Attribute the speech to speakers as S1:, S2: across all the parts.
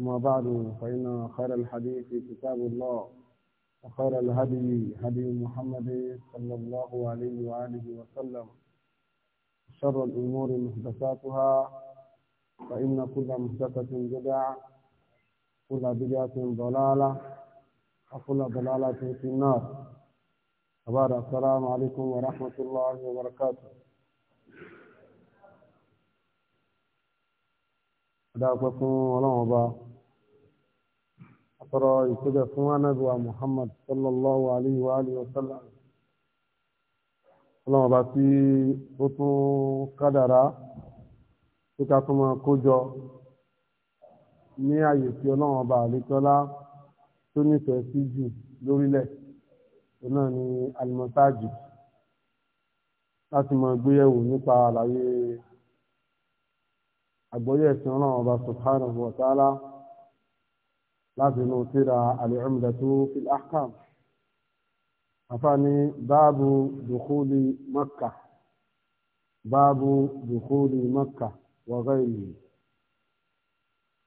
S1: أما بعد فإن خير الحديث كتاب الله وخير الهدي هدي محمد صلى الله عليه وآله وسلم شر الأمور محدثاتها فإن كل محدثة بدعة كل بدعة ضلالة وكل ضلالة في النار أبار السلام عليكم ورحمة الله وبركاته أدعوكم ولهم الله tọrọ ìkójọ fún ànábì wa Muhammad sallallahu alayhi wa alihi wa sallam ọlọ́run ọba tí ó tún kádàrá tí ká tún máa kójọ ní àyè tí ọlọ́run ọba àlékọ́lá tó nífẹ̀ẹ́ sí jù lórílẹ̀ náà ni alimọ́sáàjì láti máa gbéyẹ̀wò nípa àlàyé àgbọ́yé ẹ̀sìn subhanahu wa ta'ala láti inú tíra al-Umdatu fil Ahkam àfààní báàbù dùkúlì Makkah báàbù dùkúlì Makkah wa ghayrihi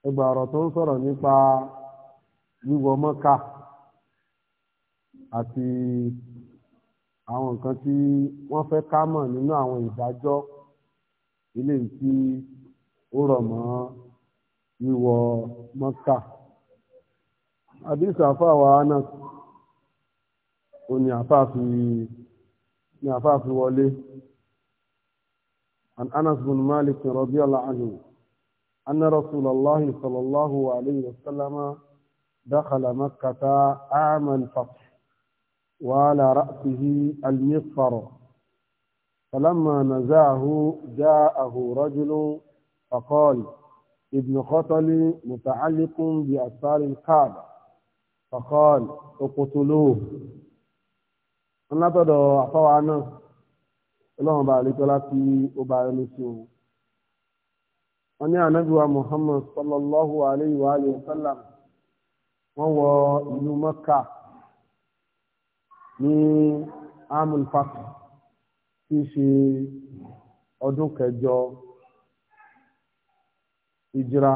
S1: ẹgbàrọ̀ tó ń sọ̀rọ̀ nípa wíwọ Makkah àti àwọn nǹkan tí wọ́n fẹ́ ká mọ̀ nínú àwọn ìdájọ́ ilé tí ó rọ̀ mọ́ wíwọ Makkah àdìsí àfáàwà anas ó ní àfáàfi ní àfáàfi wọlé an anas bin malik radiyallahu anhu anna rasulallahi sallallahu alayhi wa sallama dakhala makkata aamal fath وعلى رأسه المغفر فلما نزعه جاءه رجل فقال ابن خطل متعلق بأسفار الكعبة faqal uqtuluhu wọn látọ̀dọ̀ àfọwà náà ọlọ́run bá àlejò láti ọba ẹni sí òun wọn ní ànábìwá Muhammad sallallahu alayhi wa alihi wa sallam wọn wọ ìlú Mẹ́kà ní amul fati tí í ṣe ọdún kẹjọ ìjìra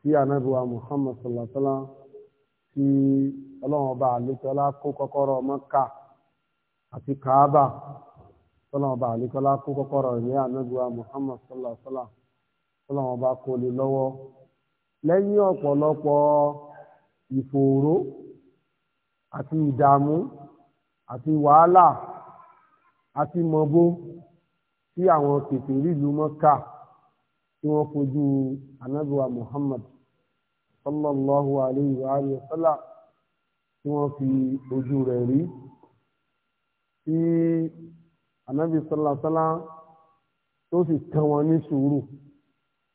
S1: tí ànábìwá Muhammad sallallahu alayhi wa sallam. tí ọlọ́run ọba àlékọ́lá kó kọ́kọ́rọ́ Mọ́kà àti Kaaba ọlọ́run ọba àlékọ́lá kó kọ́kọ́rọ́ ìwé Muhammad sọlọsọla lẹ́yìn ọ̀pọ̀lọpọ̀ ìfòòró àti àti wàhálà àti mọ̀bó tí àwọn kèfèrí ìlú Muhammad sallallahu alayhi wa alihi wa sallam tí wọ́n fi ojú rẹ̀ rí tí anabi sallallahu alayhi wa sallam tó sì tán wọn ní sùúrù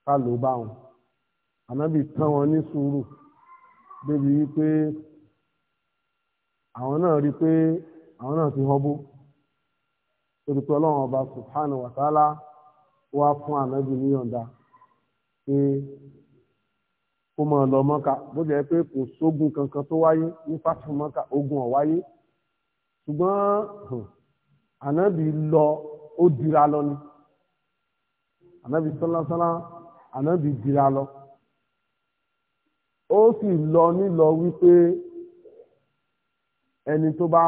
S1: ká ló bá wọn anabi tán wọn ní sùúrù débi wípé àwọn náà rí pé àwọn náà ti họ́bó torí pé ọlọ́run ọba subhanahu wa ta'ala wá fún anabi níyọ̀ǹda pé kó máa lọ mọ́ka bó jẹ́ pé kò sógun kankan tó wáyé ní fásitì mọ́ka ogun ọ̀wáyé ṣùgbọ́n ànábì lọ ó dira lọ ni ànábì sọ́lásọ́lá ànábì dira lọ ó sì lọ nílọ wípé ẹni tó bá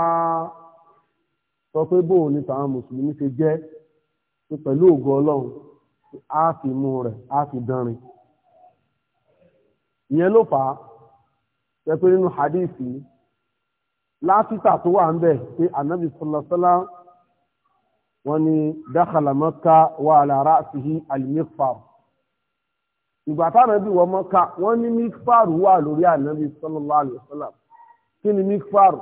S1: sọ pé bóun ni tàwọn mùsùlùmí ṣe jẹ́ pẹ̀lú ògo ọlọ́run á fi mú rẹ̀ á fi dánrin ìyẹn ló fà á ṣe pé nínú hadisi látìtà tó wà ń bẹ̀ pé anabi sọlọ́sọ́lá wọ́n ní dakhala Makka wa ala ra'sihi al-mighfar ìgbà tánàbí wọ Makka wọ́n ní mighfar wà lórí anabi sallallahu alaihi kí ni mighfar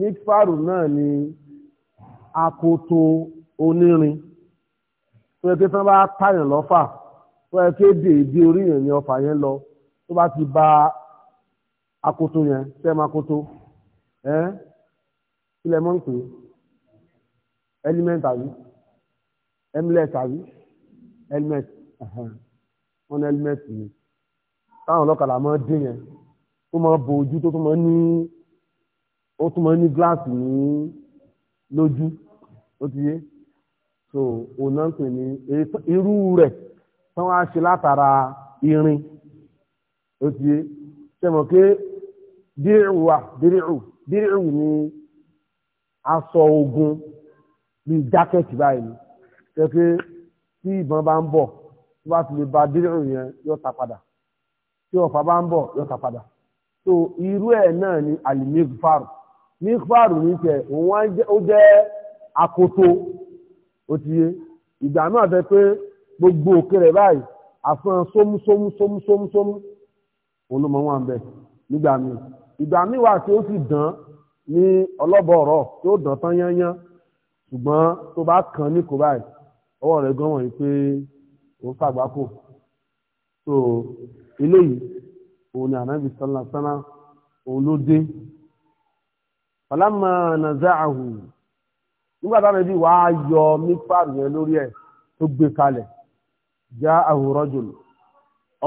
S1: mighfar náà ni akoto onírin fún ẹgbẹ́ tí wọ́n bá tàyàn lọ́fà fún ẹgbẹ́ dèédé orí yẹn ni ọfà yẹn lọ tó bá ti ba akoto yẹn sẹ́mu akoto ẹ́ ilẹ̀ mọ́ ń pè element àbí emlet àbí element wọn element ni táwọn ọlọ́kadà máa dín yẹn tó máa bo ojú tó tó máa ní ó tó máa ní gíláàsì ní lójú ó ti yé so òun náà ń pè ní irú rẹ̀ tí wọ́n á ṣe látara irin ó ti yé sẹ́mọ̀ pé dírìwù wà dírìwù dírìwù ni aṣọ ogun bíi jákẹ́ẹ̀tì báyìí ni ṣe pé tí ìbọn bá ń bọ̀ tó bá ti lè ba dírìwù yẹn yóò ta padà tí ọ̀fà bá ń bọ̀ yóò ta padà so irú ẹ̀ náà ni alimigfaru migfaru ní tẹ̀ òun ó jẹ́ akoto ó ti yé ìgbà náà bẹ pé gbogbo òkè rẹ̀ báyìí àfihàn sómú òun ló mọ wọn bẹ nígbà míì ìgbà míì wà tí ó sì dán ní ọlọ́bọ̀ọ̀rọ̀ tí ó dán tán yányán ṣùgbọ́n tó bá kàn ní kò báyìí ọwọ́ rẹ̀ gan wọ̀nyí pé ó ṣàgbákò so eléyìí òun ni ànábì sálá sálá òun ló dé falamma naza'ahu nígbà táwọn ẹbí wàá yọ mífàrù yẹn lórí ẹ̀ tó gbé kalẹ̀ já àwòrán jùlọ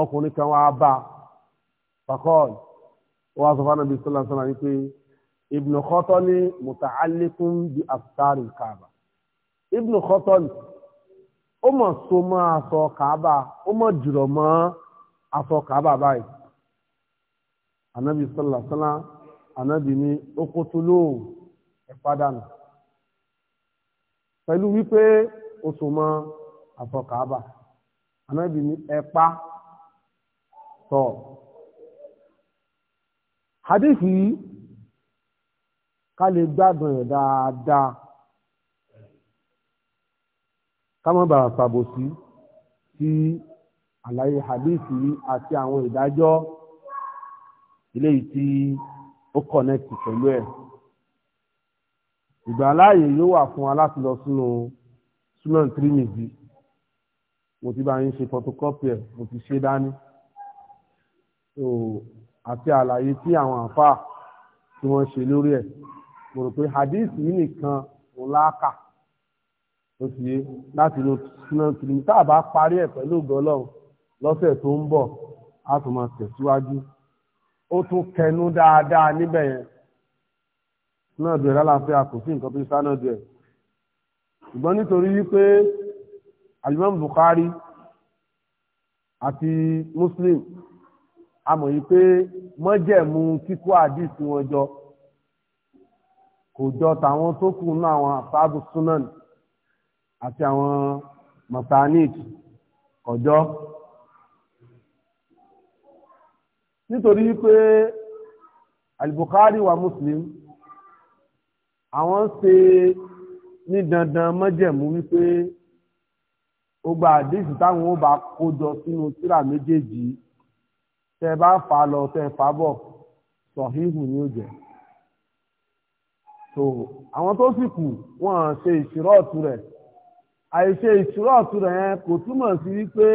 S1: ọkùnrin kan wàá bá a fakọ́ọ̀lù ó wá sọ fánàbí sọ́lá sọ́lá wípé ibnu kọ́tọ́lì mùtàálẹ́kùn bí àfitárì kààbà ibnu kọ́tọ́lì ó mọ̀ so mọ́ aṣọ kààbà ó mọ̀ jùlọ mọ́ aṣọ kààbà báyìí anabi sọ́lá sọ́lá anabi ní okotolo ẹ̀pádànù pẹ̀lú wípé ó so mọ́ aṣọ kààbà anabi ní ẹ̀pá tọ̀. So, Hadithi, yìí ká lè gbádùn ẹ̀ dáadáa ká má bàa ṣàbòsí sí àlàyé Hadithi yìí àti àwọn ìdájọ́ eléyìí tí ó kọ̀nẹ́tì pẹ̀lú ẹ̀ ìgbàláàyè yóò wà fún wa láti lọ sínú sunan trinity mo ti bá yín ṣe photocopy ẹ̀ mo ti ṣe dání àti àlàyé tí àwọn àfà tí wọ́n ṣe lórí ẹ̀ mo rò pé hadith yìí nìkan ò láàkà ó sì yé láti lo sinna tìrì tá a bá parí ẹ̀ pẹ̀lú gọlọ́run lọ́sẹ̀ tó ń bọ̀ a tún máa tẹ̀síwájú ó tún kẹnu dáadáa níbẹ̀ yẹn náà dùn ẹ̀ lálàáfíà sí nǹkan tó sáná dùn ṣùgbọ́n nítorí wípé alimami Bukhari àti Muslim a mọ̀ yìí pé mọ́jẹ̀mú kíkó àdìsí wọn jọ kò jọ tàwọn tó kù ní àwọn àfáàbù sunan àti àwọn mọ̀tánìk kọjọ́ nítorí wípé al-Bukhari wa Muslim àwọn ń ṣe ní dandan mọ́jẹ̀mú wípé ó gba àdìsí táwọn ó bá kó jọ sínú tírà méjèèjì tẹ bá fà á lọ tẹ fà á bọ̀ sọ̀híhù ni ó jẹ́ so àwọn tó sì kù wọn à ṣe ìṣirò ọ̀tún rẹ̀ àìṣe ìṣirò ọ̀tún rẹ̀ yẹn kò túmọ̀ sí wípé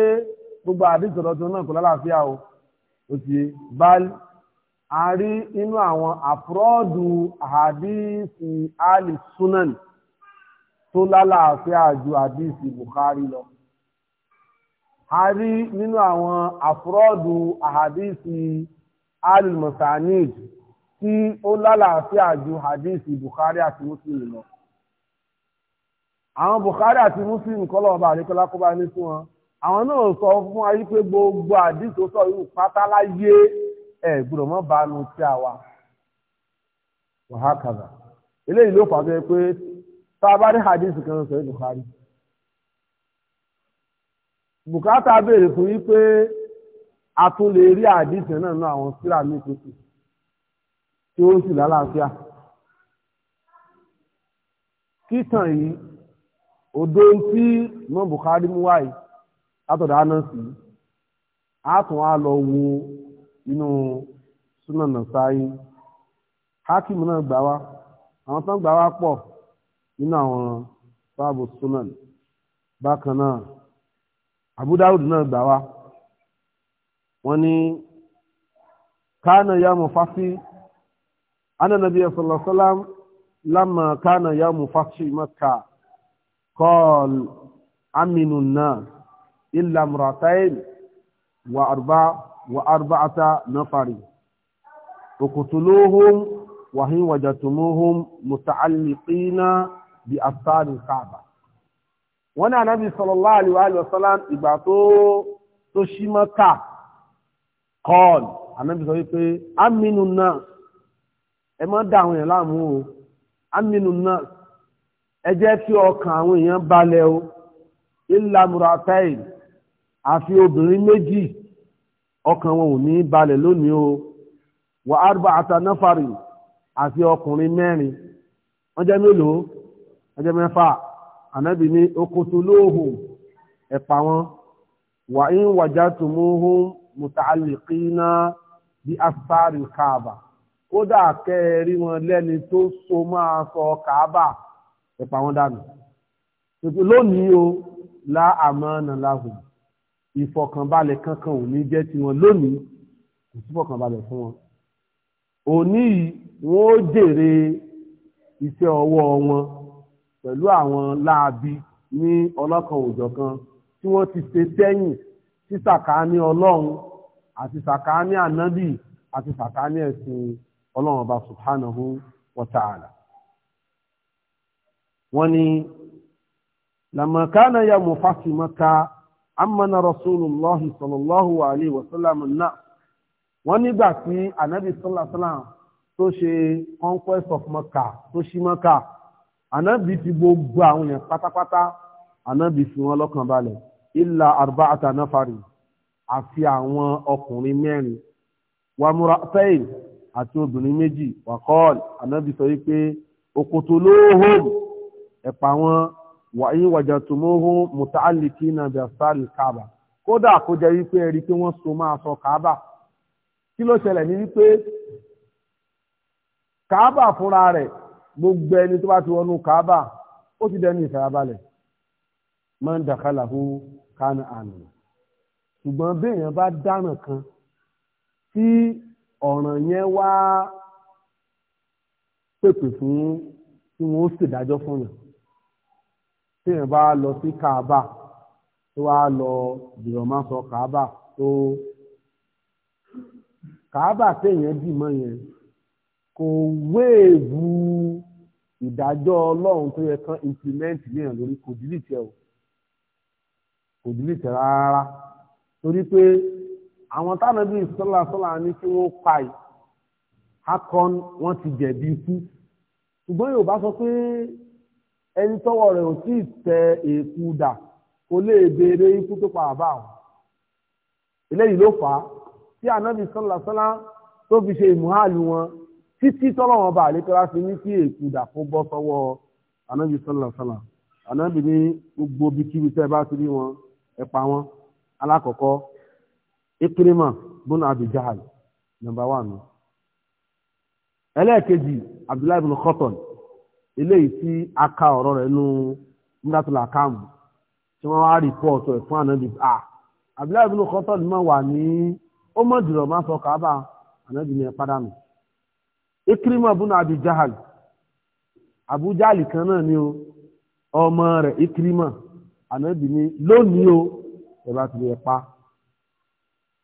S1: gbogbo àdìsọ̀ lọ́tún náà kò lálàáfíà o ó ti báyìí a rí inú àwọn àfúrọ́ọ̀dù àdìsí alì sunan tó lálàáfíà ju àdìsí Bukhari lọ a rí nínú àwọn àfúrọ́ọ̀dù àhàdíìsì al-musanid tí ó lálàáfíà ju àhàdíìsì Bukhari àti Muslim lọ àwọn Bukhari àti Muslim kọ́lọ̀ ọba àríkọ́lá kó bá ní sí wọn àwọn náà sọ fún ayé pé gbogbo àdìsó sọ yóò pátá láyé ẹ gbọ́dọ̀ mọ́ bá nu tí a wà wàhákàdà eléyìí ló fà á bẹ́ẹ̀ pé tá a bá rí àdìsí kan sọ yóò Bukhari bùkátà béèrè fún yí pé a tún lè rí àdìsẹ náà nínú àwọn síra mi tuntun tí ó sì lálàáfíà kíntàn yìí odó tí mọ Bukhari mú wáyé látọ̀dọ̀ anansi a tún á lọ wo inú Sunan Nasa'i hakim náà gbà wá àwọn tán gbà wá pọ̀ nínú àwọn sáàbù Sunan bákan náà abudawud náà gbà wá wọ́n ní kánà ya mufasi ananabi sallallahu lamma kánà ya mufasi makka kọ́ọ̀l aminu náà illa muratain wa arba wa arba'ata nafari uqtuluhum wa hin wajatumuhum muta'alliqina bi asari kaaba wọ́n ní anábì sallallahu alaihi wasallam ìgbà tó ṣí mọ́ta kọ́ọ̀l anábì sọ wípé aminu náà ẹ má dá àwọn èèyàn láàmú o aminu náà ẹ jẹ́ kí ọkàn àwọn èèyàn balẹ̀ o illa muratain àfi obìnrin méjì ọkàn wọn ò ní balẹ̀ lónìí o wà arba'ata nafari àfi ọkùnrin mẹ́rin wọ́n jẹ́ mélòó wọ́n jẹ́ mẹ́fà ànábì ní okotolóhùn ẹ̀pà wọn wà ń wàjá tòmóhùn mùtàlìkínà bí asáàrì káàbà kódà kẹ́ẹ̀rí wọn lẹ́ni tó so máa sọ káàbà ẹ̀pà wọn dànù lónìí o lá àmánà láhùn ìfọ̀kànbalẹ̀ kankan ò ní jẹ́ tiwọn lónìí kò sí fọ̀kànbalẹ̀ fún wọn òní wọn ó jèrè iṣẹ́ ọwọ́ wọn pẹ̀lú àwọn láabi ní ọlọ́kan òjọ̀kan tí wọ́n ti ṣe sẹ́yìn sí sàkáání ọlọ́run àti sàkáání ànábì àti sàkáání ẹ̀sìn ọlọ́run ọba subhanahu wa ta'ala. wọ́n ní lamakana ya mufasi maka amana Rasulullah sallallahu Alaihi wa sallam náà wọ́n nígbà tí ànábì sallallahu alayhi wa sallam tó ṣe conquest of maka tó ṣí maka. ànábì ti gbogbo àwọn èèyàn pátápátá ànábì fi wọn lọ́kàn balẹ̀ illa arba'ata nafari àfi àwọn ọkùnrin mẹ́rin wàmúratẹ́yìn àti obìnrin méjì wàkọ́ọ̀lì ànábì sọ wípé òkòtò lóhùn ẹ̀pà wọn wàyí wàjàtúmóhùn mùtàlìkínà bẹ̀sàlì káàbà kódà kó jẹ́ wípé ẹ̀rí pé wọ́n so máa sọ káàbà kí ló ṣẹlẹ̀ ní wípé káàbà fúnra rẹ̀ gbogbo ẹni tó bá ti wọnú kaaba ó ti dẹni ìfarabalẹ̀ máa ń dàkálà hó kánà àná ṣùgbọ́n béèyàn bá dáràn kan tí ọ̀ràn yẹn wá pèpè fún tí wọ́n ó ṣèdájọ́ fún yàn téèyàn bá lọ sí kaaba tó wá lọ jùlọmọ sọ kaaba tó kaaba téèyàn dì mọ́ yẹn kò wéèwù ìdájọ́ ọlọ́run tó yẹ kán implement léèyàn lórí kò dìlìtì ẹ̀ o kò dìlìtì rárá torí pé àwọn táwọn ẹbí sọ́là sọ́là ní kí wọ́n pa ì akọ́n wọ́n ti jẹ̀bi ikú ṣùgbọ́n Yorùbá sọ pé ẹni tọ́wọ́ rẹ̀ ò tí ì tẹ èkú dà kò lè béèrè ikú tó pa àbá àwọn eléyìí ló fà á tí ànábì sọ́là tó fi ṣe ìmúhàlù wọn títí tọ́lọ́wọ́n bá àlékọ́lá fi ní kí èkúdà kó bọ́ sọ́wọ́ anábì sọ́lá sọ́lá anábì ní gbogbo bí kíbi tẹ́ bá ti rí wọn ẹ pa wọn alákọ̀ọ́kọ́ Ikrima bun Abi Jahal nọ́mbà wánu ẹlẹ́ẹ̀kejì Abdullahi bin Khotton eléyìí tí a ka ọ̀rọ̀ rẹ̀ nú múdàtúlà káàmù tí wọ́n wá rìpọ́ọ̀tù ẹ̀ fún anábì à Abdullahi bin Khotton máa wà ní ó mọ̀ jùlọ máa sọ kàábà anábì ní ẹ padà nù ikirima bunu abi jahal abu jahal kan náà ni o ọmọ rẹ̀ ikirima anabi ni lónìí o ẹ bá ti lè pa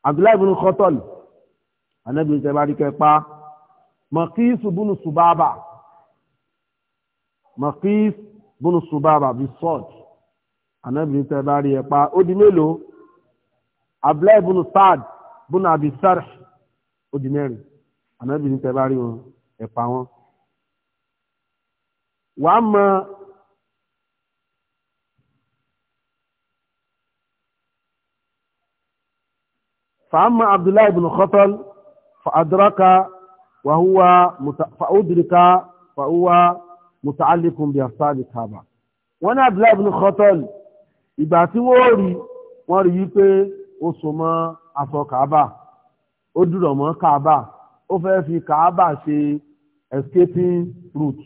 S1: abdullahi bunu kọtọl anabi tẹ bá rí kẹ pa makis bunu subaba makis bunu subaba bi sọd anabi tẹ bá rí ẹ pa ó mélòó abdullahi bunu saad bunu abi sarh ó ànábì ní tẹ́ bá rí wọn ẹ wọn. wàá mọ فأما عبد الله بن خطل فأدرك وهو مت... فأدرك فهو متعلق بأفصال الصحابة wọ́n ní عبد الله بن خطل ìgbà tí wọ́n rí wọ́n rí wípé ó so mọ́ aṣọ kàábà ó dúró mọ́ kàábà ó fẹ́ fi kàábà ṣe escaping route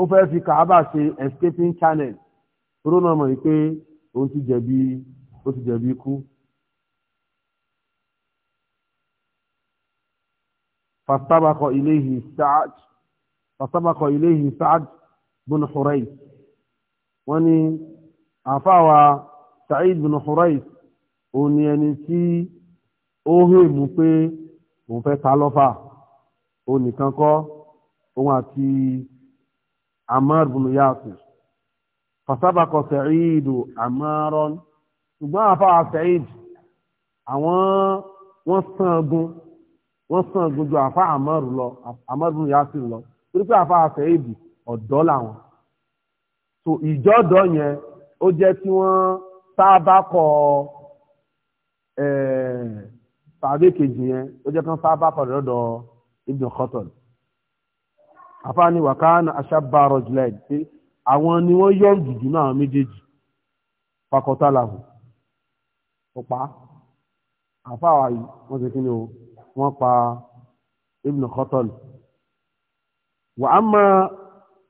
S1: ó fẹ́ fi kàábà ṣe escaping channel tó náà mọ̀ pé òun ti jẹ̀bi ó ti jẹ̀bi ikú. فاستبق إليه سعد فاستبق إليه سعد بن حريث وني عفاوى سعيد بن حريث وني يعني تي اوهي مو òun fẹ́ ta lọ́fà òun nìkan kọ́ òun àti Ammar bin Yasir fasabakọ Sa'idu Ammaran ṣùgbọ́n àfáà Sa'id àwọn wọ́n sàn gun wọ́n sàn gun ju àfáà Ammar lọ Ammar bin Yasir lọ torí pé àfáà Sa'id ọ̀dọ́ làwọn so ìjọ́dọ̀ yẹn ó jẹ́ tí wọ́n sábà ẹ̀ẹ́ sàbẹ kejì yẹn ó jẹ́ kán sábà pàdé lọ́dọ̀ Ibn Khattab àfáàní wàkánà aṣábà rọjìláì pé àwọn ni wọ́n yọ jùjú náà méjèèjì fakọta làwọn ọ̀pá àfáà yìí wọ́n ti kí o wọ́n pa Ibn Khattab wà á máa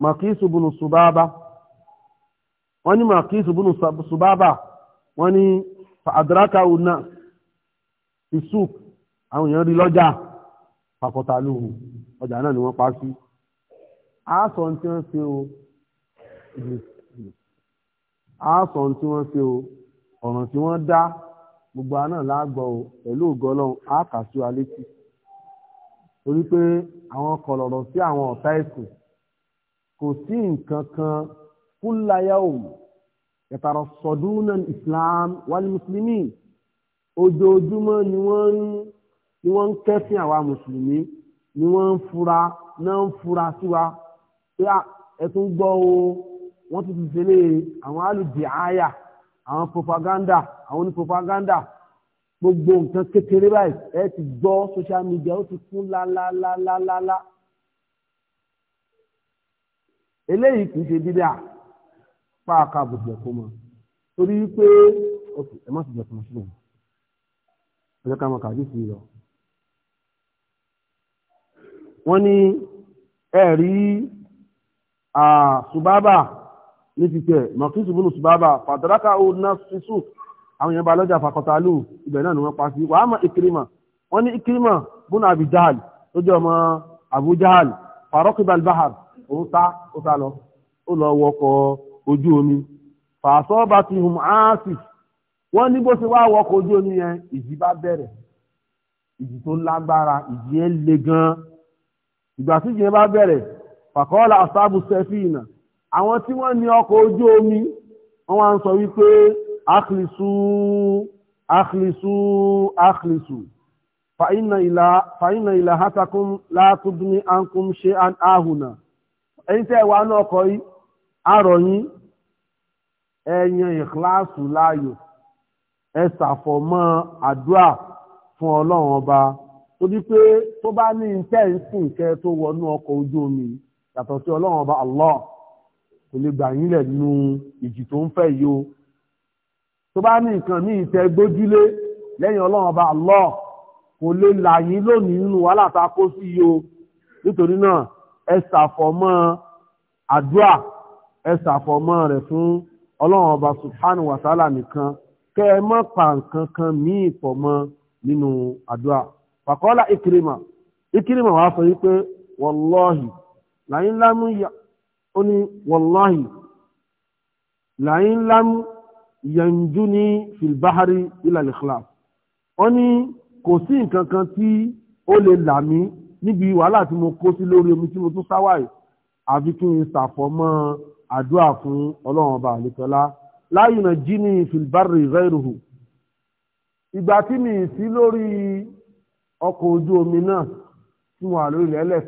S1: màkìsù bùnú subaba wọ́n ní màkìsù bùnú subaba wọ́n ní fàdúrákà ọ̀nà fi soup àwọn èèyàn rí lọ́jà pàkọ́tà lóhùn ọjà náà ni wọ́n pa sí àásọ tí wọ́n ṣe o àásọ tí wọ́n ṣe o ọ̀ràn tí wọ́n dá gbogbo àná láàgbọ̀ o pẹ̀lú ògọ́ ọlọ́run àákàsí torí pé àwọn kọlọ̀rọ̀ sí àwọn ọ̀tá ẹ̀sìn kò sí nǹkan kan kulla yawm yatarassaduna al-islam wal-muslimin ojoojúmọ́ ni wọ́n ń ni wọ́n ń kẹ́sìn àwa mùsùlùmí ni wọ́n ń fura náà ń fura sí wa pé ẹ tún gbọ́ o wọ́n ti ti ṣẹlẹ̀ àwọn alùdí àyà àwọn propaganda àwọn oní propaganda gbogbo nǹkan kékeré báyìí ẹ ti gbọ́ social media ó ti kún lálálálálálá eléyìí kì í ṣe dídá pàákà bùbẹ̀ kó mọ torí pé ẹ má ti bẹ̀ fún ọ sílẹ̀ ọjọ́ ká mọ̀ kàdísì lọ. wọ́n ní ẹ̀rí ṣùbábà ní ti tẹ̀ mọ̀kísù búnú ṣùbábà fàdáráká ó ná sísù àwọn èèyàn lọ́jà fàkọtàlù ibẹ̀ náà ni wọ́n pa sí wàá mọ̀ ìkírímà wọ́n ní ìkírímà búnú àbí tó jẹ́ ọmọ àbú jahal farokib òun ta ó ta lọ ó lọ wọkọ̀ ojú omi fàṣọ́ bá wọ́n ní bó ṣe wá wọkọ̀ ojú omi yẹn ìjì bá bẹ̀rẹ̀ ìjì tó lágbára ìjì yẹn le gan ìgbà tí ìjì yẹn bá bẹ̀rẹ̀ fàkọ́ọ́lá asábù sẹ́fìnà àwọn tí wọ́n ní ọkọ̀ ojú omi wọ́n wá ń sọ wípé aklisu aklisu aklisu fàyínà ìlà fàyínà ìlà hátàkùn látúndínní àǹkùn ṣe àhùnà ẹ̀yin tẹ́ wà ní ọkọ̀ yìí àrọ̀ yín ẹ̀yàn ìkíláàsù láàyò ẹ ṣàfọ̀mọ́ àdúrà fún ọlọ́run ọba torí pé tó bá ní ìtẹ́ǹsìn kẹ tó wọnú ọkọ̀ ojú omi yàtọ̀ sí ọlọ́run ọba Allah kò lè gbà yín lẹ̀ nínú ìjì tó ń fẹ́ yìí o tó bá ní nǹkan ní ìtẹ́ gbójúlé lẹ́yìn ọlọ́run ọba Allah kò lè là yín lónìí nínú wàhálà tá a kó sí yìí o nítorí náà ẹ ṣàfọ̀mọ́ àdúrà ẹ ṣàfọ̀mọ́ rẹ̀ fún ọlọ́run ọba subhanahu wa ta'ala nìkan kẹ́ ẹ má pa nǹkan kan míì pọ̀ mọ́ nínú àdúrà fàkọ́lá ìkìrìmà ìkìrìmà wàá sọ wípé wọlọ́hì làyín lámú yà ó ní wọlọ́hì làyín lámú yànjú ní filbahari ilàlìkìlá ó ní kò sí nǹkan kan tí ó lè là mí níbi wàhálà tí mo kó sí lórí omi tí mo tún sáwàyè àfi kí n ṣàfọ̀mọ́ àdúrà fún ọlọ́run ọba àlekọlá láyìn náà jí ní ìfìlbárì rẹ́rùhù ìgbà tí mi sí lórí ọkọ̀ ojú omi náà tí wọ́n àlórí lẹ́lẹ̀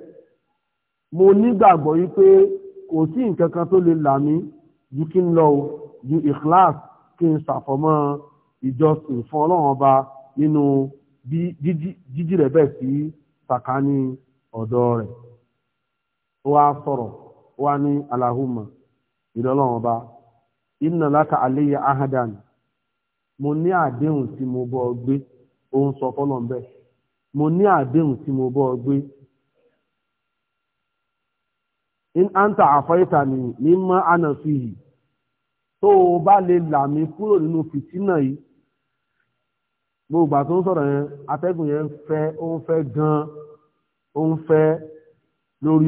S1: mo nígbàgbọ́ yí pé kò sí nǹkan kan tó lè là mí ju kí n lọ o ju ikhlas kí n ṣàfọ̀mọ́ ìjọsìn fún ọlọ́run ọba nínú jíjí rẹ̀ bẹ́ẹ̀ sí sàkání ọ̀dọ̀ rẹ̀ ó wá sọ̀rọ̀ ó wá ní aláhùmọ̀ ìdọ́lọ́run ọba inna laka alayya ahadan mo ní àdéhùn tí mo bọ́ ọ gbé ó ń sọ fọ́lọ́n bẹ́ẹ̀ mo ní àdéhùn tí mo bọ́ ọ gbé in anta àfọ́ìtà ni ní mọ́ ànà fi yìí tó o bá lè là mí kúrò nínú fìtínà yìí gbogbo àti ń sọ̀rọ̀ yẹn atẹ́gùn yẹn ń fẹ́ ó ń gan-an ó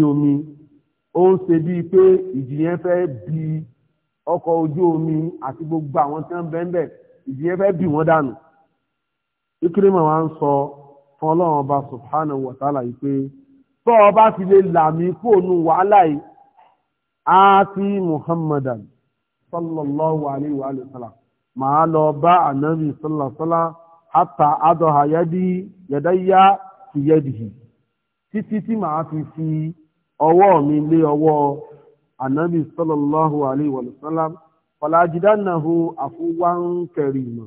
S1: ń omi ó ń ṣe bíi pé ìjì yẹn ọkọ̀ ojú omi àti gbogbo àwọn tí wọ́n bẹ́ẹ̀ bẹ́ẹ̀ ìjìyẹ fẹ́ bì wọ́n dànù ìkírímà wa ń sọ fún ọlọ́run ọba subhanahu wa ta'ala yìí pé tọ́ ọba ti lè là mí wàhálà yìí á ti muhammadan sallallahu màá lọ bá ànábì sallallahu sallam hatta adọ̀ha yadi yadaya ti títí tí ànábì sallallahu alayhi wa sallam falajidannahu afuwan karima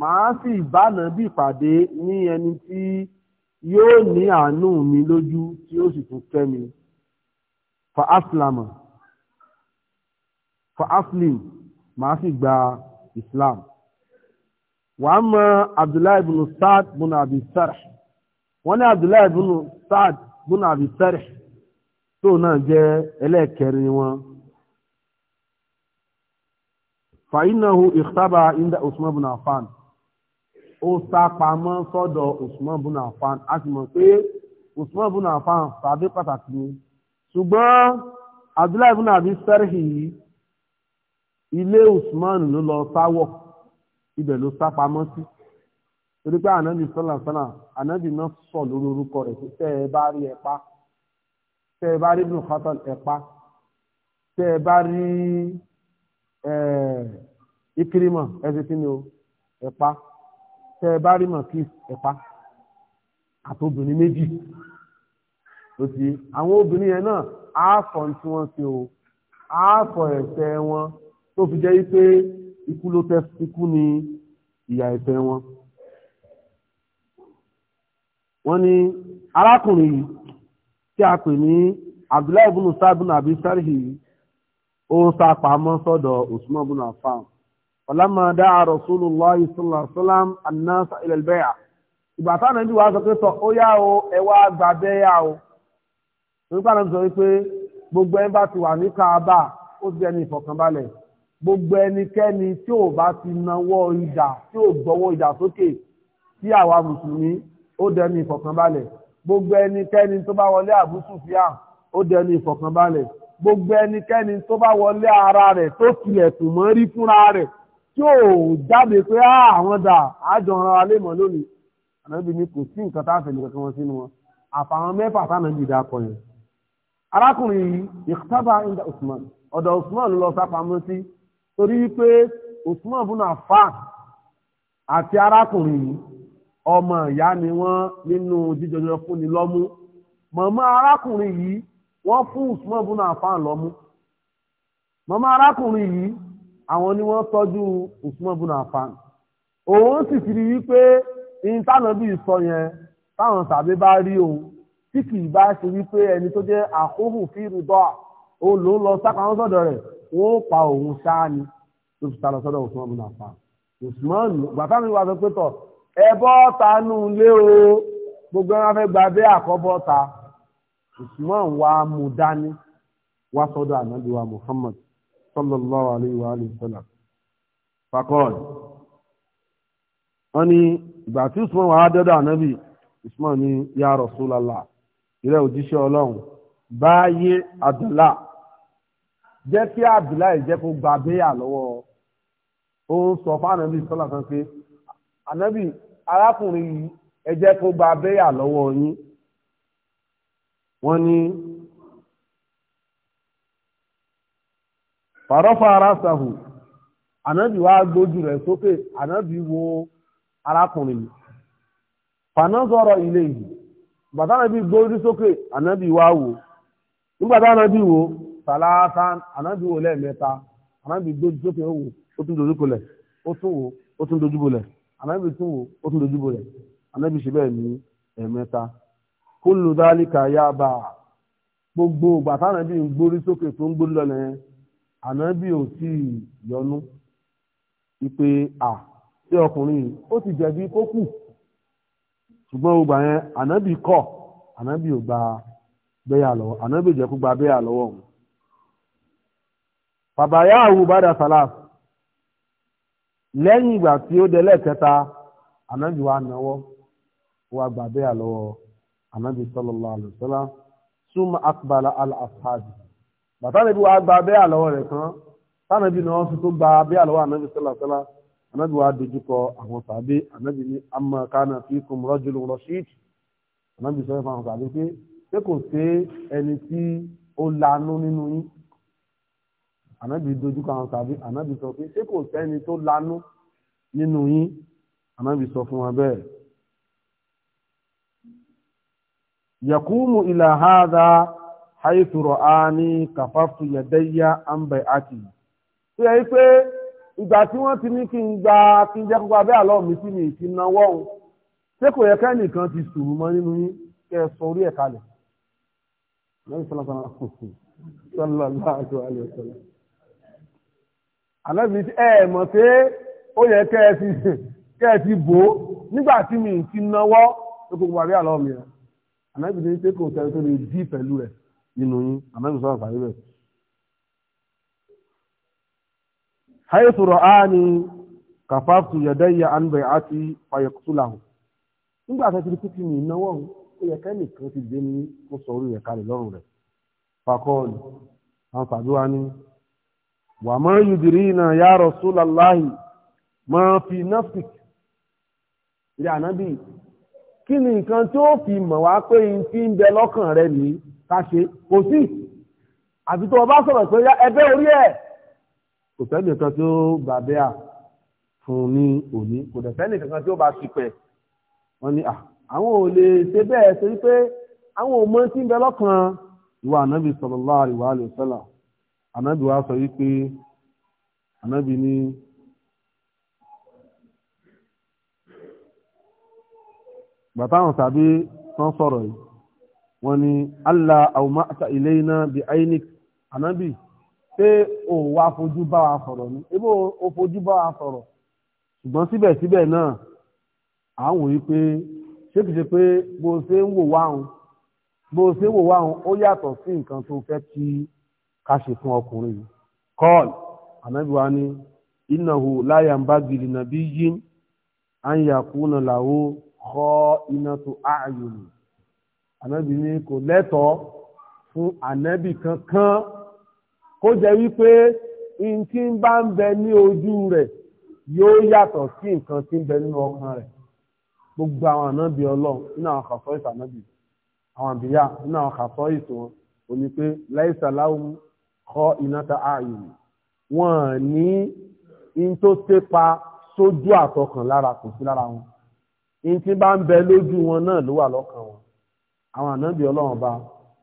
S1: màá sì bá ànábì pàdé ní ẹni tí yóò ní àánú mi lójú tí ó sì tún kẹ́ mi fa aslama fa aslim màá sì gba islam wàá mọ abdullahi ibn saad ibn abi sarh wọ́n ní abdullahi ibn saad ibn abi sarh tóun náà jẹ́ ẹlẹ́ẹ̀kẹrin wọn fàyínàhù ìkítàbà inda Usman bin Affan ó sá pamọ́ sọ́dọ̀ Usman bin Affan a sì mọ̀ pé Usman bin Affan tàbí pàtàkì ni ṣùgbọ́n Abdullahi bin Abi Sarhi yìí ilé Usman ló lọ sáwọ̀ ibẹ̀ ló sá pamọ́ sí torí pé ànábì sọ́là sọ́là ànábì náà sọ lórí orúkọ rẹ̀ tẹ́ ẹ bá rí ẹ pa tẹ́ ẹ bá rí Ibn Khattab ẹ̀pá tẹ́ ẹ bá rí Ikrimah ẹ̀sìn kí ni o ẹ̀pá tẹ́ ẹ bá rí Makis ẹ̀pá àtobìnrin méjì ló ti àwọn obìnrin yẹn náà àáfọ̀ tí wọ́n ṣe o àáfọ̀ ẹ̀ṣẹ̀ wọn tó fi jẹ́ wípé ikú ló tẹ́ ikú ni ìyà ẹ̀ṣẹ̀ wọn. wọ́n ní arákùnrin yìí tí a pè ní abdullahi ibn sábùn àbí sárhì ó sá pamọ́ sọ́dọ̀ usman ibn affan ọlámà dá rasulullah sallallahu alaihi wasallam annasa ila al-bay'a ìgbà táwọn ẹbí wa sọ pé sọ ó yá o ẹ wá gba bẹ́yà o nígbà náà sọ wípé gbogbo ẹni bá ti wà ní kaaba ó ti ẹni ìfọ̀kànbalẹ̀ gbogbo ẹnikẹ́ni tí ò bá ti nawọ́ ìdà tí ò gbọ́wọ́ ìdà sókè tí àwa mùsùlùmí ó dẹni ìfọ̀kànbalẹ̀ gbogbo ẹnikẹ́ni tó bá wọlé Abu Sufyan ó dẹni ìfọ̀kànbalẹ̀ gbogbo ẹnikẹ́ni tó bá wọlé ara rẹ̀ tó tilẹ̀kùn mọ́rí fúnra rẹ̀ tí ò jáde pé àwọn dà ájọ ran alẹ́ mọ́ lónìí ànábì ni kò sí nǹkan tá a fẹ̀lẹ̀ kankan wọn sínú wọn àfàwọn mẹ́fà táwọn ẹbí dakọ̀ yẹn. arákùnrin yìí ìkútàbà ìdá Usman ọ̀dọ̀ Usman ló lọ sápamọ́ sí torí pé Usman bùnà fà àti arákùnrin yìí ọmọ ìyá ni wọ́n nínú jíjọjọ fúnni lọ́mú mọ̀mọ́ arákùnrin yìí wọ́n fún Usman bun Affan lọ́mú mọ̀mọ́ arákùnrin yìí àwọn ni wọ́n tọ́jú Usman bun Affan òun sì ti rí wípé ìtànàbí sọ yẹn táwọn sàbí bá rí òun tí kì í bá ṣe wípé ẹni tó jẹ́ àkóhù fírùdọ́ òun ló ń lọ sápamọ́ sọ́dọ̀ rẹ̀ wọ́n pa òun ṣáá ni tó fi ta lọ sọ́dọ̀ Usman bun Affan Usman gbàtà mi wà sọ pé tọ̀ ẹbọ́ tanú lé o gbogbo wọn fẹ́ gba bẹ́ẹ̀ àkọ́bọ́ ta usman wa mú dání wá sọ́dọ̀ ànábì wa muhammad sallallahu alayhi wa alayhi wa sallam fakọ́ọ̀d wọ́n ní ìgbà tí usman wà á dọ́dọ̀ usman ní ya rasulallah ìrẹ́ òjíṣẹ́ ọlọ́run báyé abdullah jẹ́ kí abdullah jẹ́ kó gba bẹ́ẹ̀ lọ́wọ́ ó ń sọ fún ànábì sọ́lá kan pé ànábì arákùnrin yìí ẹ jẹ́ kó gba abẹ́yà lọ́wọ́ yín wọ́n ní fàrọ́fà ara sàhù ànábì wá gbójú rẹ̀ sókè ànábì wo arákùnrin yìí fànàzọ́rọ̀ ilé yìí bàtà nàbí gbójú sókè ànábì wá wò nígbà tá ànábì wò sàlàtà ànábì wò lẹ́ẹ̀mẹ́ta ànábì gbójú sókè ó wò ó tún dojú bolẹ̀ ó tún wò ó tún dojú bolẹ̀ ànábì tún wò ó tún dojú bolẹ̀ ànábì ṣe bẹ́ẹ̀ ní ẹ̀ẹ̀mẹ́ta kullu dhalika yaba gbogbo ìgbà tánàbí ń gbórí sókè tó ń gbórí lọ́nà yẹn ànábì ò tí ì yọnu ìpè à sí ọkùnrin ó ti jẹ̀bi kó kù ṣùgbọ́n ògbà yẹn ànábì kọ̀ ànábì ò gba bẹ́yà lọ́wọ́ ànábì ò jẹ́ kó gba bẹ́yà lọ́wọ́ òun. bàbá yáà wù bàdà sàlàsì lẹ́yìn ìgbà tí ó délẹ̀ kẹta ànábì wa náwó wa gbàgbé àlọ́wọ́ ànábì sallallahu alaihi súnmọ́ akbala al-ashabi bàtà níbi wa gbàgbé àlọ́wọ́ rẹ̀ kan tánàbí ni wọ́n fi tó gba abẹ́ àlọ́wọ́ ànábì sallallahu alaihi wasallam ànábì wa dojúkọ àwọn sàbí ànábì ní amma kana fikum rajulun rashid ànábì sọ fún àwọn sàbí pé pé kò sí ẹni tí ó lanú nínú yín ànábì dojúkọ àwọn tàbí ànábì sọ pé ṣé kò sẹ́ni tó lanú nínú yín ànábì sọ fún wọn bẹ́ẹ̀. yakumu ila hadha haythu ra'ani kafaftu yadayya an bai'ati ṣé ẹ pé ìgbà tí wọ́n ti ní kí n gba kí n jẹ́ kópa bẹ́ẹ̀ àlọ́ mi sí ni ìfi náwó òun ṣé kò yẹ kẹ́nìkan ti sùúrù mọ́ nínú yín kẹ́ ẹ sọ orí ẹ̀ kalẹ̀ lẹ́yìn sọ́lá sọ́lá sọ́lá ànábì ẹ mọ̀ pé ó yẹ kẹ́ ẹ ti kẹ́ ẹ ti bò ó nígbà tí mi ti náwọ́ tó gbogbo àbí àlọ́ mi rẹ̀ ànábì ní pé kò sẹ́ni tó lè dí pẹ̀lú rẹ̀ nínú yín ànábì sọ̀rọ̀ pàdé rẹ̀. haythu ra'ani kàfáàtù yẹ̀dẹ́yẹ àǹbẹ̀ àti fàyẹ̀kùtùlàhùn nígbà tó ti di pípín mi náwọ́ ó yẹ kẹ́ nìkan ti dé ní kó sọ orí rẹ̀ kalẹ̀ lọ́rùn rẹ̀ fakọ́ọ̀lù àwọn pàdé wa ní wà má yudrina ya rasulallahi ma fi nafsik rí ànábì kí ni nǹkan tí ó fi mọ̀ wá pé n ti ń bẹ lọ́kàn rẹ ní ká ṣe kò sí àti tó o bá sọ̀rọ̀ pé ẹgbẹ́ orí ẹ̀ kò sẹ́ni kan tí ó gbà bẹ́ẹ̀ fún ní òní kò dẹ̀ sẹ́ni kankan tí ó bá ti pẹ̀ wọ́n ní à àwọn ò lè ṣe bẹ́ẹ̀ torí pé àwọn ò mọ tí ń bẹ lọ́kàn ìwà ànábì sallallahu alaihi wa sallam ànábì wa sọ wípé ànábì ní bàtàwọn sàbí tán sọ̀rọ̀ yìí wọ́n ní allah aumata iléiná bí ainik ànábì pé o wá fojú bá wa sọ̀rọ̀ ní ebó o fojú bá wa sọ̀rọ̀ ṣùgbọ́n síbẹ̀síbẹ̀ náà à ń wòye pé ṣé kìí ṣe pé bó ṣe ń wò wáhùn bó ṣe ń wò wáhùn ó yàtọ̀ sí nǹkan tó fẹ́ kí ká ṣe fún ọkùnrin yìí kọ́ọ̀l ànábì wa ní innahu la yanbaghi li nabiyyin an yakuna lahu kha'inatu a'yun ànábì ní kò lẹ́tọ̀ọ́ fún ànábì kankan kó jẹ́ wípé n tí ń bá ń bẹ ní ojú rẹ̀ yóò yàtọ̀ sí nǹkan tí ń bẹ nínú ọkàn rẹ̀ gbogbo àwọn ànábì ọlọ́run nínú àwọn kàfọ́ ìtànábì àwọn àbíyá nínú àwọn kàfọ́ ìtò wọn ò pé láìsàláwù kọ́ iná ta ààyè wọn ní in tó tẹ́pa sójú àtọkàn lára kò sí lára wọn in tí bá ń bẹ lójú wọn náà ló wà lọ́kàn wọn àwọn ànábì ọlọ́run bá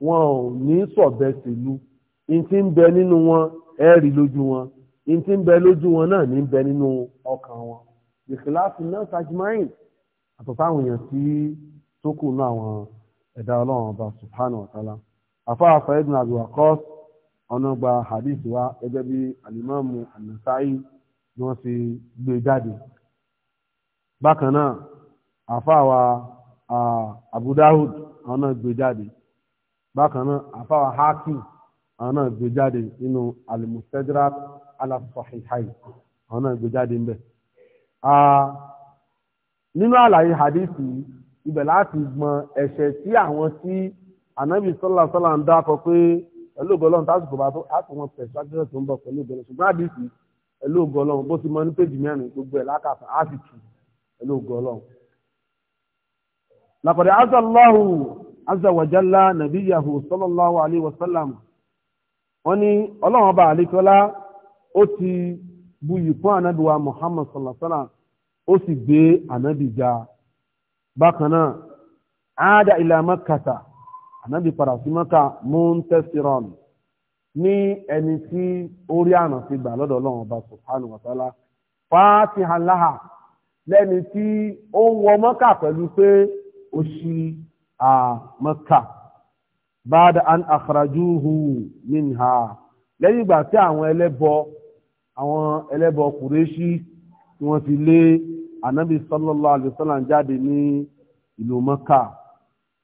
S1: wọn ò ní sọ̀bẹ tìlú in tí ń bẹ nínú wọn ẹ̀rí lójú wọn in tí ń bẹ lójú wọn náà ní bẹ nínú ọkàn wọn ìkìláàfin náà tajmáìn àtọ̀tà àwọn èèyàn tí tó kù náà àwọn ẹ̀dá ọlọ́run ọba subhanahu wa ta'ala afáàfà ibn abdulwakos ọ̀nà gba hadith wa gẹ́gẹ́ bí alimami anasai ni wọ́n ti gbé jáde bákan náà àfáàwà Abu Dawud àwọn náà gbé jáde bákan náà àfáàwà Hakim àwọn gbé jáde nínú al-Mustadrak ala Sahihayn àwọn náà gbé jáde ń bẹ. nínú àlàyé hadithi ibẹ̀ láti gbọn ẹ̀ṣẹ̀ tí àwọn tí anabi sallallahu alaihi ń dákọ pé pẹ̀lú ògo ọlọ́run tásìkò bá tó àpò wọn pẹ̀lú sákẹ́rẹ́ tó ń bọ̀ pẹ̀lú ògo ọlọ́run ṣùgbọ́n àdìsí pẹ̀lú ògo ọlọ́run bó ti mọ ní péjì mẹ́rin gbogbo ẹ̀ lákàtà á sì tù pẹ̀lú ògo làkọ̀dẹ̀ azàlọ́hù azàwàjálá nàbí yahu sallallahu alayhi wa sallam ní ọlọ́run ọba àlekọ́lá ó ti buyì fún ànábì wa muhammad sallallahu ó sì gbé ànábì ga bákan náà áádà ilà makkata ànábì padà sí mọ́kà muntasiran ní ẹni tí orí àná ti gbà lọ́dọ̀ ọlọ́run ọba subhanahu wa ta'ala fatihan laha lẹ́ni tí ó ń wọ mọ́kà pẹ̀lú pé ó ṣí mọ́kà bada an akhrajuhu minha lẹ́yìn ìgbà tí àwọn ẹlẹ́bọ àwọn ẹlẹ́bọ kùrẹ́ṣí tí wọ́n ti lé ànábì sallallahu alaihi wasallam jáde ní ìlú mọ́kà.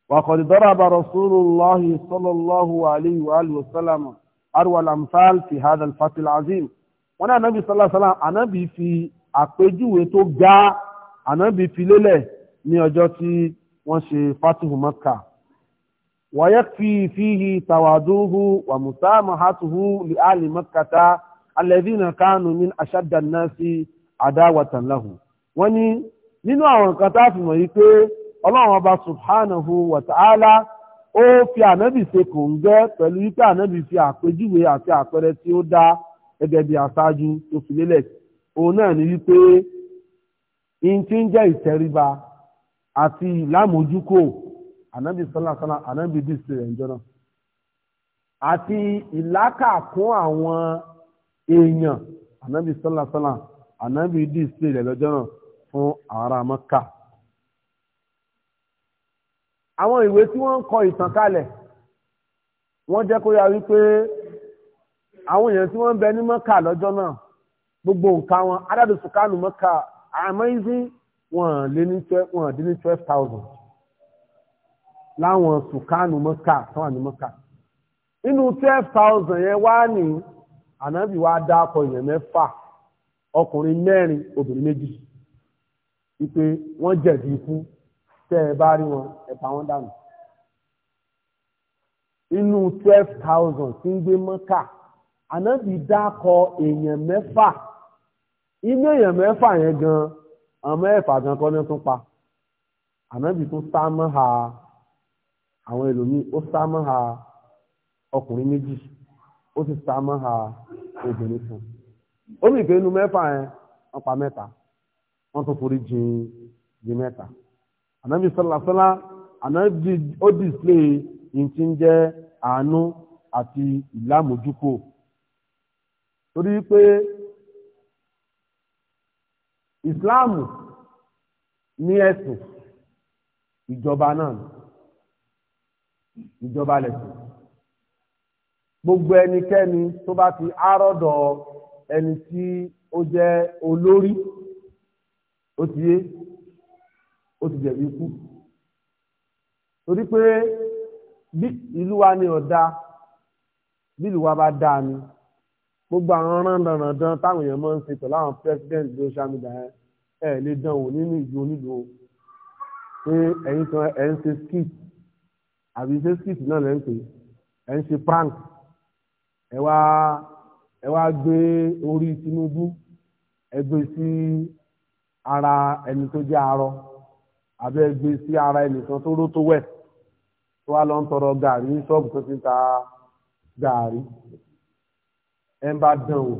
S1: وقد ضرب رسول الله صلى الله عليه وآله وسلم أروى الأمثال في هذا الفتح العظيم وانا النبي صلى الله عليه وسلم ànábì fi àpèjúwe tó ga ànábì fi lélẹ̀ ní ọjọ́ tí wọ́n ṣe fatihu Makkah ويكفي فيه تواضعه ومسامحته لأهل مكة الذين كانوا من أشد الناس عداوة له wọ́n ní nínú àwọn kan ọlọ́run ọba subhanahu wa ta'ala ó fi ànábì ṣe kò ń gẹ́ pẹ̀lú wípé ànábì fi àpèjúwe àti àpẹẹrẹ tí ó dá gẹ́gẹ́ bí aṣáájú tó fi lélẹ̀ òun náà ni wípé in ti ń jẹ́ ìtẹríba àti ìlàmójúkò ànábì sọ́làsọ́là ànábì dìsí rẹ̀ ń jọ́nà àti ìlàkà àwọn èèyàn ànábì sọ́làsọ́là ànábì dìsí rẹ̀ lọ́jọ́ fún àwọn ará mọ́kà àwọn ìwé tí wọ́n ń kọ ìtàn kalẹ̀ wọ́n jẹ́ kó yá wípé àwọn èèyàn tí wọ́n ń bẹ ní mọ́kà lọ́jọ́ náà gbogbo nǹka wọn adádù sùkánù mọ́kà àmọ́ìsí wọn lé ní wọn dín ní twelve thousand láwọn sùkánù mọ́kà tó wà ní mọ́kà nínú twelve thousand yẹn wá ní ànábì wá dá ọkọ èèyàn mẹ́fà ọkùnrin mẹ́rin obìnrin méjì wípé wọ́n jẹ̀bi ikú tẹ́ ẹ bá rí wọn ẹ pa wọn dànù. inú twelve thousand tí ń gbé mọ́kà ànábì dákọ èèyàn mẹ́fà inú èèyàn mẹ́fà yẹn gan àwọn mẹ́fà gan kọ́ ní tún pa ànábì tún sá mọ́ ha àwọn ẹlòmíì ó sá mọ́ ha ọkùnrin méjì ó sì sá mọ́ ha obìnrin kan ó mì pé inú mẹ́fà yẹn wọ́n pa mẹ́ta wọ́n tún forí jìn jìn mẹ́ta. ànábì sọ́làsọ́lá ànábì ó display in ti ń jẹ́ àánú àti ìlàmójúkò torí pé ìsìláàmù ní ẹ̀sìn ìjọba náà ìjọba lẹ̀sìn gbogbo ẹnikẹ́ni tó bá ti árọ́dọ̀ ẹni tí ó jẹ́ olórí ó ti yé ó ti jẹ̀bi ikú torí pé bí ìlú wa ni ọ̀dà bí ìlú wa bá dáa ni gbogbo àwọn rándanrandan táwọn èèyàn máa ń ṣe pẹ̀lú àwọn president ló ṣàmìlà ẹ̀ lè dán nínú ìlú onílùú pé ẹ̀yin kan ẹ̀ ń ṣe skit àbí ṣe skit náà lẹ́ ń pè ẹ̀ ń ṣe prank ẹ̀ wá ẹ̀ wá gbé orí Tinubu ẹ̀ gbé sí ara ẹni tó jẹ́ arọ àbí ẹgbẹ́ sí ara ẹnìkan tó ró tó wẹ̀ tó wá lọ ń tọrọ gàrí ní ṣọ́ọ̀bù tó ti ń ta gàrí ẹ ń bá dàn wò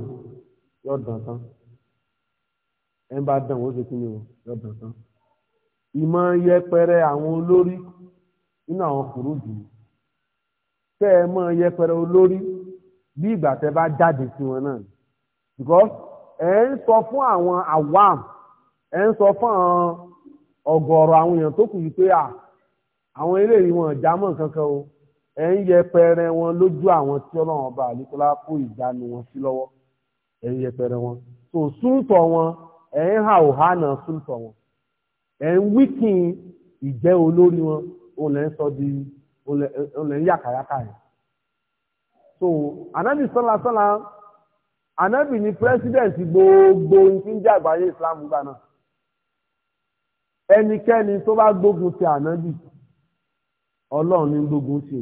S1: yóò dàn tán ẹ ń bá dàn wò ó ṣe kí ni o yóò dàn tán ìmọ̀ yẹpẹrẹ àwọn olórí nínú àwọn kùrúdù tẹ́ ẹ mọ̀ yẹpẹrẹ olórí bí ìgbà tẹ́ bá jáde sí wọn náà because ẹ ń sọ fún àwọn awam ẹ ń sọ fún àwọn ọ̀gọ̀ọ̀rọ̀ àwọn èèyàn tó kù yìí pé à àwọn eléyìí wọn jámọ́ kankan o ẹ̀ ń yẹpẹrẹ wọn lójú àwọn tí ọlọ́run ọba àlíkọ́lá kó ìdánu wọn sí lọ́wọ́ ẹ̀ ń yẹpẹrẹ wọn tó súntọ̀ wọn ẹ̀ ń hà òhà náà súntọ̀ wọn ẹ̀ ń wíkìn ìjẹ́ olórí wọn òun lẹ́ ń sọ di òun lẹ́ ń yàkàyàkà yẹn so anabi sọlá sọlá anabi ni president gbogbo ti ń jẹ́ àgbáyé Islam gbà náà ẹnikẹ́ni tó bá gbógun ti ànábì ọlọ́run ní gbógun ti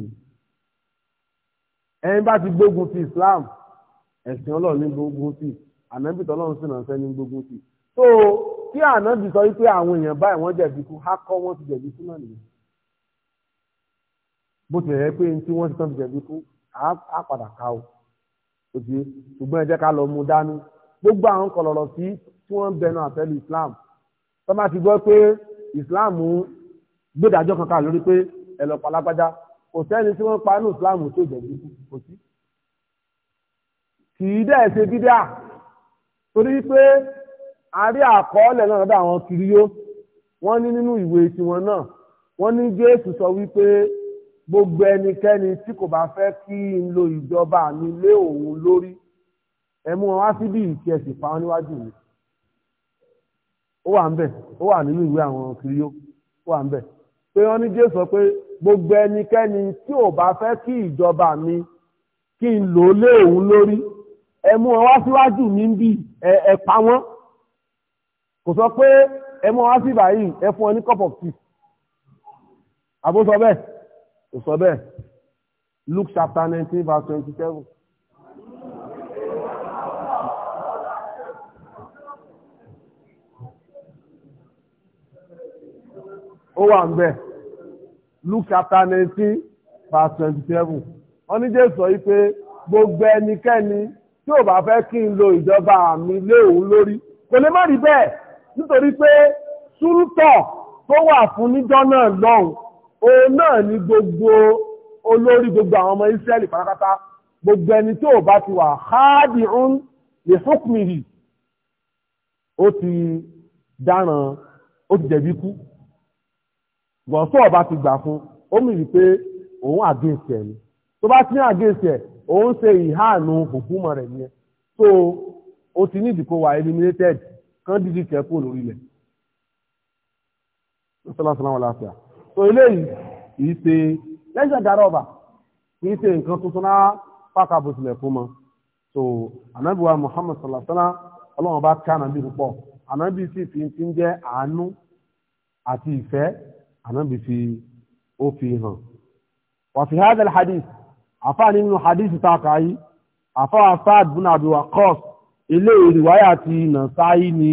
S1: ẹni bá ti gbógun ti islam ẹ̀sìn ọlọ́run ní gbógun ti ànábì tọ́lọ́run sì ránṣẹ́ ní gbógun ti tó kí ànábì sọ wípé àwọn èèyàn báyìí wọ́n jẹ̀bi kú á kọ́ wọ́n ti jẹ̀bi kú náà nìyẹn bó ti rẹ̀ pé tí wọ́n ti tán ti jẹ̀bi kú á padà ká o òjì ṣùgbọ́n ẹ jẹ́ ká lọ mú dání gbogbo àwọn kọlọ̀rọ̀ sí tí wọ́n bẹnu àtẹ́lu islam tó bá ti gbọ́ pé Islam gbẹ́dàjọ́ kankan lórí pé ẹ̀lọ́pàá lágbájá kò sẹ́ni tí wọ́n pa ní Islam tó jẹ̀bi kò sí. kì í dẹ̀ ṣe bídíà torí pé a rí àkọọ́lẹ̀ náà lọ́dọ̀ àwọn kiri yó wọ́n ní nínú ìwé tiwọn náà wọ́n ní Jésù sọ wípé gbogbo ẹnikẹ́ni tí kò bá fẹ́ kí n lo ìjọba mi lé òun lórí ẹ wọn wá síbí ìkí pa wọn níwájú mi ó wà ń bẹ̀ ó wà nínú ìwé àwọn kiriyó ó wà ń bẹ̀ pé wọ́n ní Jésù sọ pé gbogbo ẹnikẹ́ni tí ò bá fẹ́ kí ìjọba mi kí n lò lé òun lórí ẹ mú wọn wá síwájú mi bí ẹ pa wọ́n kò sọ pé ẹ mú wọn wá sí báyìí ẹ fún wọn ní cup of tea àbó sọ bẹ́ẹ̀ kò sọ bẹ́ẹ̀ Luke chapter nineteen verse twenty seven. ó wà ń bẹ̀ Luke chapter nineteen verse twenty seven wọ́n ní Jésù sọ wípé gbogbo ẹnikẹ́ni tí ò bá fẹ́ kí n lo ìjọba mi lé òun lórí kò lè má rí bẹ́ẹ̀ nítorí pé súrútọ̀ tó wà fún níjọ́ náà lọ́hùn òun náà ni gbogbo olórí gbogbo àwọn ọmọ Ísírẹ́lì pátápátá gbogbo ẹni tí ò bá ti wà háàdì ń lè fúnkùnmí yìí ó ti dáràn ó ti jẹ̀bi kú gbọ̀nsọ́ ọba ti gbà fún ó mì pé òun against ẹ̀ ni tó bá ti ní against ẹ̀ òun ṣe ìháànú òkúmọ̀ rẹ̀ nìyẹn so o ti ní wà eliminated kan dídì kẹ́kọ̀ọ́ lórí ilẹ̀ sọ́lásọ́láwọ́ so eléyìí lẹ́sẹ̀ dára ọba kì í ṣe nǹkan tuntun náà so Anabiwa Muhammad ọlọ́run bá ká púpọ̀ fi ń jẹ́ àánú àti ànábì fi ó fi hàn wàfi hadal hadith àfáà nínú hadith tààkà yìí àfáà Sa'd bin Abi Waqqas ilé ìrìwáyà ti Nasa'i ni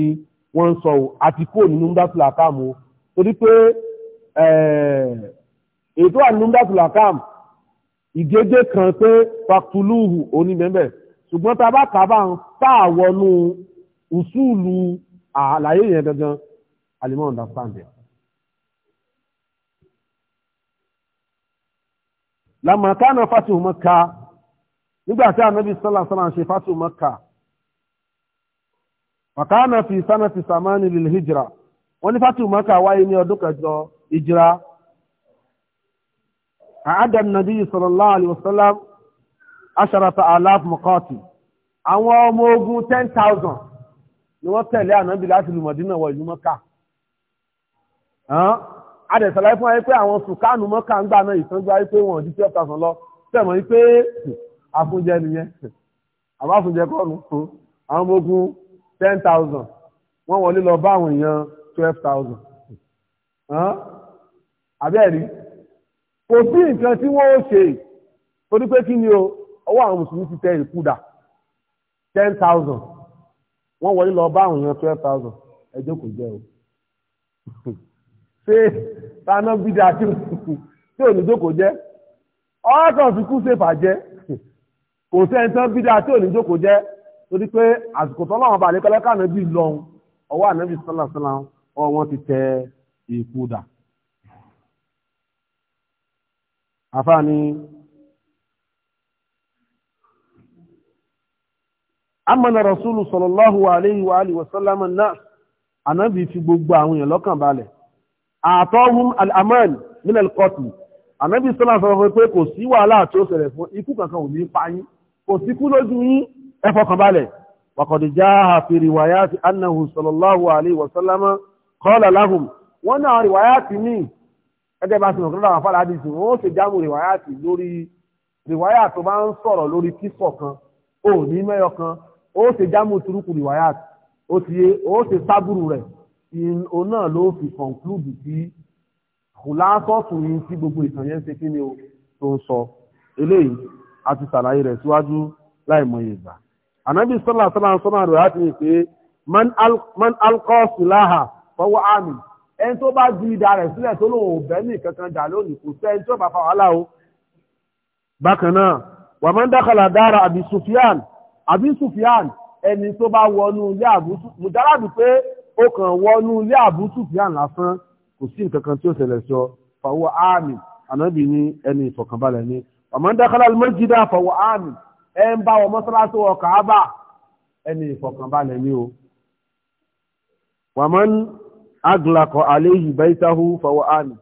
S1: wọ́n ń sọ àti kó nínú múdásílà káàmù torí pé eh, ètò ànúmúdásílà káàmù ìgégé kan pé faktulúhù onímẹ́mẹ́ ṣùgbọ́n tá a bá kà bá ń sáàwọnú ùsùlù àlàyé yẹn gangan alimọ́ understand it. lamma kana fatu Makkah nígbà tí ànábì sallallahu alaihi wasallam ṣe fatu Makkah wa kana fi sanati samani lil hijra wọ́n ní fatu Makkah wáyé ní ọdún kẹjọ hijra a'adda an-nabi sallallahu alaihi wasallam asharata alaf muqati àwọn ọmọ ogun 10000 ni wọ́n tẹ̀lé ànábì láti ìlú Madina wọ ìlú Makkah adẹ̀sọ̀lá fún wa pé àwọn sùkánù mọ́kà ń gbà náà ìsanjọ́ ayé pé wọ́n di twelve thousand lọ tẹ̀mọ́ yìí pé àfúnjẹ nìyẹn àbá àfúnjẹ kọ́ọ̀nù fún àwọn ọmọ ogun ten thousand wọ́n wọlé lọ bá àwọn èèyàn twelve thousand àbẹ́ẹ̀rí kò sí nǹkan tí wọ́n ó ṣe torí pé kí ni o ọwọ́ àwọn mùsùlùmí ti tẹ ìkúdà ten thousand wọ́n wọlé lọ bá àwọn èèyàn twelve thousand ẹjọ́ kò jẹ́ o. ṣé tánà bídà tí ò ní jókòó jẹ́ ọ̀ọ́kàn fi kú ṣe fàjẹ́ kò sẹ́ni tán je tí ò ní jókòó jẹ́ torí pé àsìkò tó láwọn balẹ̀ lọ́hùn ti tẹ ikuda. dà. àfààní amana rasulu sallallahu alayhi wa alihi wa náà ànábì gbogbo àwọn èèyàn lọ́kàn balẹ̀. àtọ́hún al'amán nílẹ̀ kọtù ànábì sọ́lá sọ fún pé kò sí wàhálà tí ó ṣẹlẹ̀ fún ikú kankan ò ní pa yín kò sí kú lójú yín ẹ fọkàn balẹ̀ wàkọ̀dì já àfi rìwàyá ti annahu sallallahu alaihi wasallama kọ́lá láhùn wọ́n náà rìwàyá ti ní ẹgbẹ́ bá sinmi ọ̀kọ́lá àfàlà àdìsí wọ́n sì jámù rìwàyá ti lórí rìwàyá tó bá ń sọ̀rọ̀ lórí kíkọ̀ kan ò ní mẹ́yọ kan ó sì jámù turuku rìwàyá ó ti ó sì sábúrú rẹ̀ òun náà ló fi conclude sí kùlásọ́ọ̀tù yìí tí gbogbo ìtàn yẹn ṣe kí ni o tó ń sọ eléyìí a ti ṣàlàyé rẹ̀ síwájú láìmọye ìgbà ànábì sọ́là sọ́là sọ́nà rẹ̀ láti ní pé man alkọ́ọ̀sì láhà fọwọ́ àmì ẹni tó bá di ìdá rẹ̀ sílẹ̀ tó lòun ò bẹ́ ní kankan dà lónìí kò sẹ́ ẹni tó bá fa wàhálà o. bákan náà wà máa ń dákàlà dára àbí sufiyan àbí sufiyan ẹni tó bá wọnú ilé àbúsù mùjálàbí pé ó kàn wọnú ilé àbútù fìyà lásán kò sí nǹkan kan tí ó ṣẹlẹ̀ sọ fàwọ́ àmì ànábì ní ẹni ìfọ̀kànbalẹ̀ ni ọmọ ń dákàlà mọ́jídá fàwọ́ àmì ẹ ń bá wọn mọ́sálásí wọ kàábà ẹni ìfọ̀kànbalẹ̀ ni o wàmọ́n aglakọ̀ àléyìí bẹ́ẹ̀táhù fàwọ́ àmì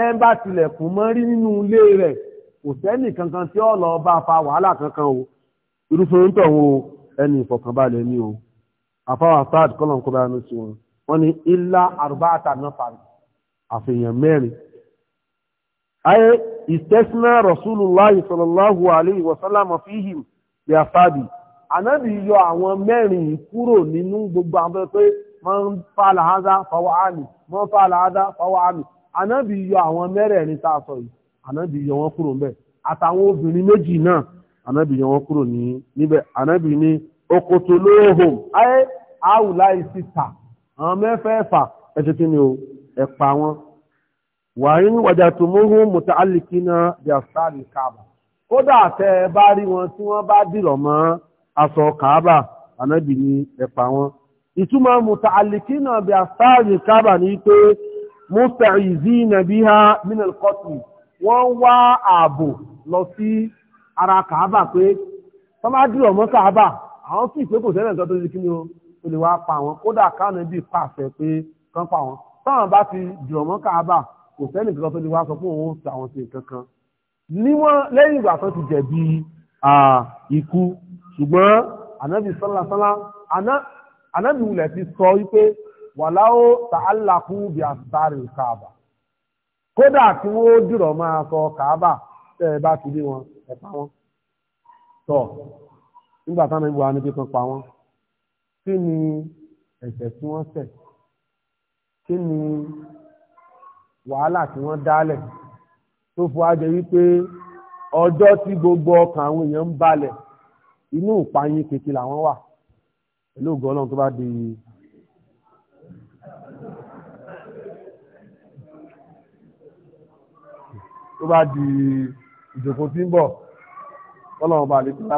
S1: ẹ ń bá tilẹ̀kùn mọ́ rí nínú ilé rẹ̀ kò sẹ́ni kankan tí ó lọ bá fa wàhálà kankan o irúfẹ́ ń tọ̀ wọn ẹni ìfọ̀kànbalẹ̀ ni o. àfáwà sáàd kọ́lọ̀ kó bá sí wọn wọ́n ní ilá àrùbáàtà nafar àfihàn mẹ́rin ayé ìtẹ́sínà rasulullahi sallallahu alayhi wa sallam fihim bí afábì anábì yọ àwọn mẹ́rin kúrò nínú gbogbo àwọn pé man fàlà hádá fàwọ́ àmì man fàlà hádá fàwọ́ àmì anábì yọ àwọn mẹ́rẹ̀ẹ̀rin tá a sọ yìí anábì yọ wọn kúrò níbẹ̀ àtàwọn obìnrin òkòtò lóhùn ayé àwùlá ìsìta àwọn mẹ́fẹ̀ẹ̀fà ẹ̀ṣẹ̀ kí ni o ẹ̀pà wọn wàáyí wàjà tó múhùn mùtà alìkínà bí àṣàrí kaaba kódà tẹ ẹ bá rí wọn tí wọ́n bá dìrọ̀ mọ́ aṣọ kaaba ànábì ní ẹ̀pà wọn ìtumọ̀ mùtà alìkínà bí àṣàrí kaaba ní pé musta'izina biha min al-qatl wọ́n wá ààbò lọ sí ara kaaba pé tọ́mádìrọ̀ mọ́ kaaba àwọn sì pé kò sẹ́lẹ̀ nǹkan tó ṣe kí ni o tó lè wá pa àwọn kódà káwọn ẹbí pàṣẹ pé kán pa àwọn táwọn bá ti dùrọ̀ mọ́ káàbà kò sẹ́ni kankan tó lè wá sọ fún òun àwọn ṣe kankan níwọ̀n lẹ́yìn ìgbà tó ti jẹ̀bi ikú ṣùgbọ́n ànábì sọ́lásọ́lá ànábì wulẹ̀ ti sọ wípé wàláwó tààlàkú bí àtàrí káàbà kódà kí wọ́n dùrọ̀ máa sọ káàbà tẹ́ ẹ bá ti rí wọn ẹ pa wọ́n tọ́ nígbà táwọn ẹbí wa níbi kan pa wọ́n kí ni ẹ̀ṣẹ̀ tí wọ́n ṣẹ̀ kí ni wàhálà tí wọ́n dálẹ̀ tó fọ́ ajẹ́ wípé ọjọ́ tí gbogbo ọkàn àwọn èèyàn ń balẹ̀ inú ìpayín kèké làwọn wà pẹ̀lú ògo Ọlọ́run tó bá di tó bá di ìjòkó tí ń bọ̀ Ọlọ́run bá lè